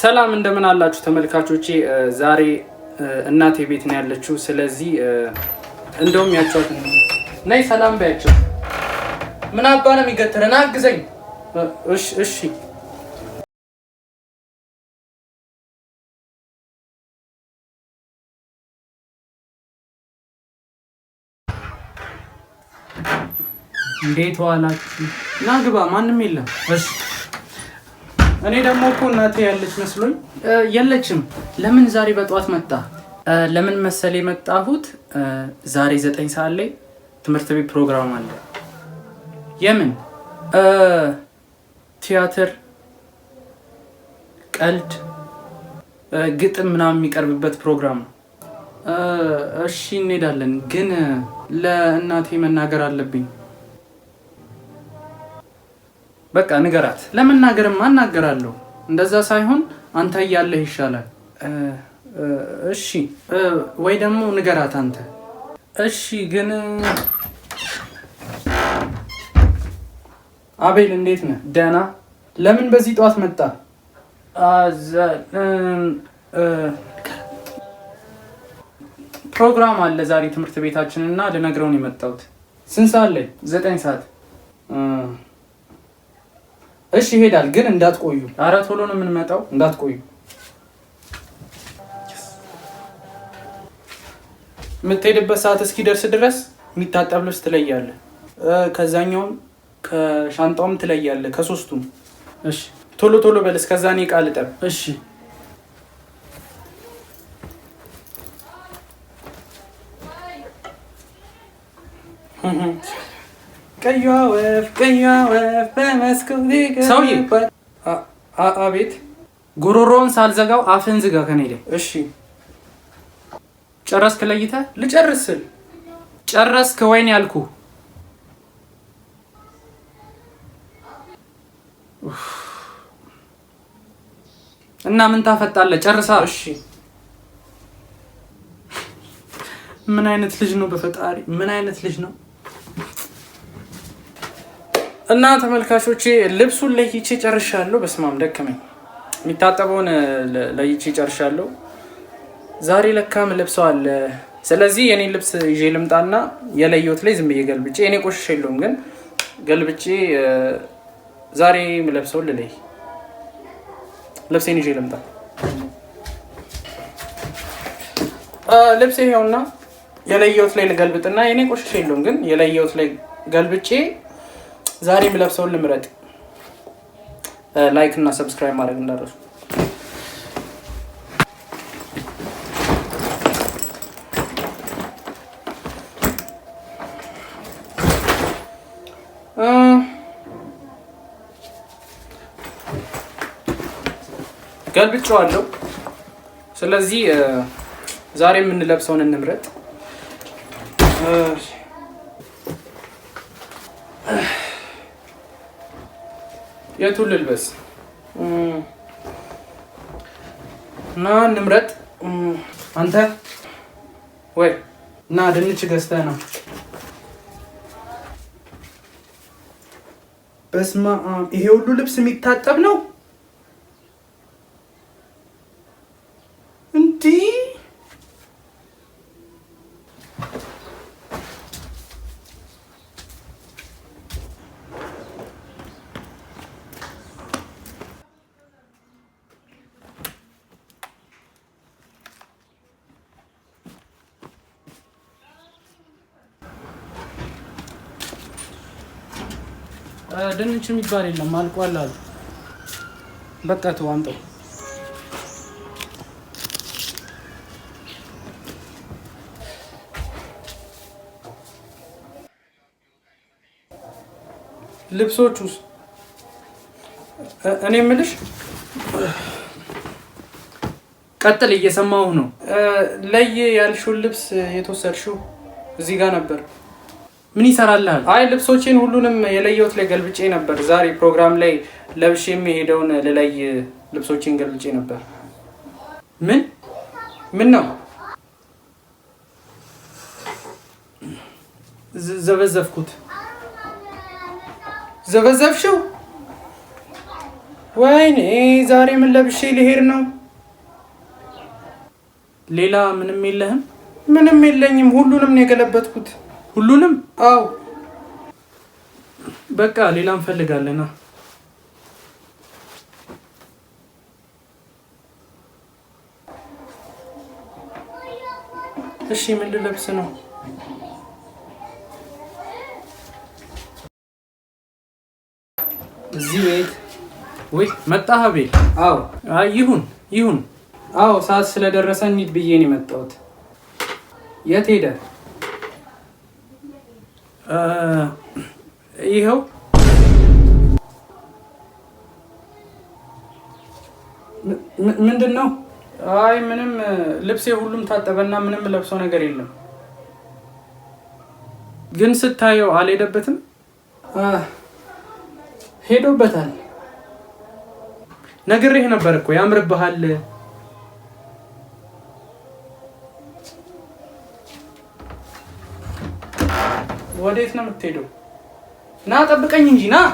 ሰላም እንደምን አላችሁ ተመልካቾቼ። ዛሬ እናቴ ቤት ነው ያለችው። ስለዚህ እንደውም ያቸዋት ነይ ሰላም በያቸው። ምን አባ ነው የሚገትረን? አግዘኝ። እሺ እንዴት ዋላችሁ? ና ግባ፣ ማንም የለም። እሺ እኔ ደግሞ እኮ እናቴ ያለች መስሎኝ የለችም። ለምን ዛሬ በጠዋት መጣ? ለምን መሰል የመጣሁት ዛሬ ዘጠኝ ሰዓት ላይ ትምህርት ቤት ፕሮግራም አለ። የምን ቲያትር፣ ቀልድ፣ ግጥም ምናምን የሚቀርብበት ፕሮግራም ነው። እሺ እንሄዳለን፣ ግን ለእናቴ መናገር አለብኝ። በቃ ንገራት። ለመናገርማ እናገራለሁ። እንደዛ ሳይሆን አንተ እያለህ ይሻላል። እሺ ወይ ደግሞ ንገራት አንተ። እሺ ግን አቤል እንዴት ነህ? ደህና። ለምን በዚህ ጠዋት መጣ? ፕሮግራም አለ ዛሬ ትምህርት ቤታችን እና ልነግረውን የመጣሁት። ስንት ሰዓት ላይ? ዘጠኝ ሰዓት እሺ ይሄዳል፣ ግን እንዳትቆዩ። አረ ቶሎ ነው የምንመጣው፣ እንዳትቆዩ። የምትሄድበት ሰዓት እስኪደርስ ድረስ የሚታጠብ ልብስ ትለያለህ፣ ከዛኛውም ከሻንጣውም ትለያለህ፣ ከሶስቱም። እሺ ቶሎ ቶሎ በል፣ እስከዛ እኔ ዕቃ ልጠብ። እሺ ቀይዋ ወፍ ቀይዋ ወፍ ሰውዬ፣ አቤት። ሳልዘጋው አፍን ዝጋ። ከኔደ እሺ፣ ጨረስክ? ለይተ ልጨርስ ስል ጨረስክ? ወይን ያልኩ እና ምን ታፈጣለህ? ጨርሳ። እሺ ምን አይነት ልጅ ነው? በፈጣሪ ምን አይነት ልጅ ነው? እና ተመልካቾቼ ልብሱን ለይቼ ጨርሻለሁ። በስማም ደከመኝ። የሚታጠበውን ለይቼ ጨርሻለሁ። ዛሬ ለካም ልብሰው አለ። ስለዚህ የኔ ልብስ ይዤ ልምጣና የለየሁት ላይ ዝም ብዬ ገልብጬ፣ የኔ ቆሽሽ የለውም ግን ገልብጬ ዛሬ ምለብሰው ልለይ። ልብሴን ይዤ ልምጣ። ልብሴ ይኸውና የለየሁት ላይ ልገልብጥና የኔ ቆሽሽ የለውም ግን የለየሁት ላይ ገልብጬ ዛሬ የምለብሰውን ልምረጥ። ላይክ እና ሰብስክራይብ ማድረግ እንዳረሱ አለው። ስለዚህ ዛሬ የምንለብሰውን እንምረጥ። የቱን ልልበስ? እና ንምረጥ? አንተ ወይ እና ድንች ገዝተህ ነው። በስመ አብ! ይሄ ሁሉ ልብስ የሚታጠብ ነው? ድንች የሚባል የለም አልቋል አሉ። በቃ ተው አምጠው። ልብሶች ውስጥ እኔ የምልሽ ቀጥል፣ እየሰማሁ ነው። ለይ ያልሽውን ልብስ የተወሰድሽው እዚህ ጋር ነበር። ምን ይሰራልሃል? አይ ልብሶቼን ሁሉንም የለየሁት ላይ ገልብጬ ነበር። ዛሬ ፕሮግራም ላይ ለብሼ የሚሄደውን ልለይ ልብሶቼን ገልብጬ ነበር። ምን ምን ነው ዘበዘፍኩት? ዘበዘፍሽው? ወይኔ ዛሬ ምን ለብሼ ልሄድ ነው? ሌላ ምንም የለህም? ምንም የለኝም። ሁሉንም ነው የገለበጥኩት። ሁሉንም? አዎ። በቃ ሌላ እንፈልጋለና እሺ፣ ምን ልለብስ ነው? እዚህ ቤት ወይ መጣህ ቤት? አዎ። አይ ይሁን ይሁን። አዎ፣ ሰዓት ስለደረሰ እንሂድ ብዬ ነው የመጣሁት። የት ሄደ? Uh, ይኸው ምንድን ነው? አይ ምንም፣ ልብሴ ሁሉም ታጠበና ምንም ለብሰው ነገር የለም። ግን ስታየው አልሄደበትም? ሄዶበታል። ነግሬህ ነበር እኮ ያምርብሃል ወዴት ነው የምትሄደው? ና ጠብቀኝ እንጂ ና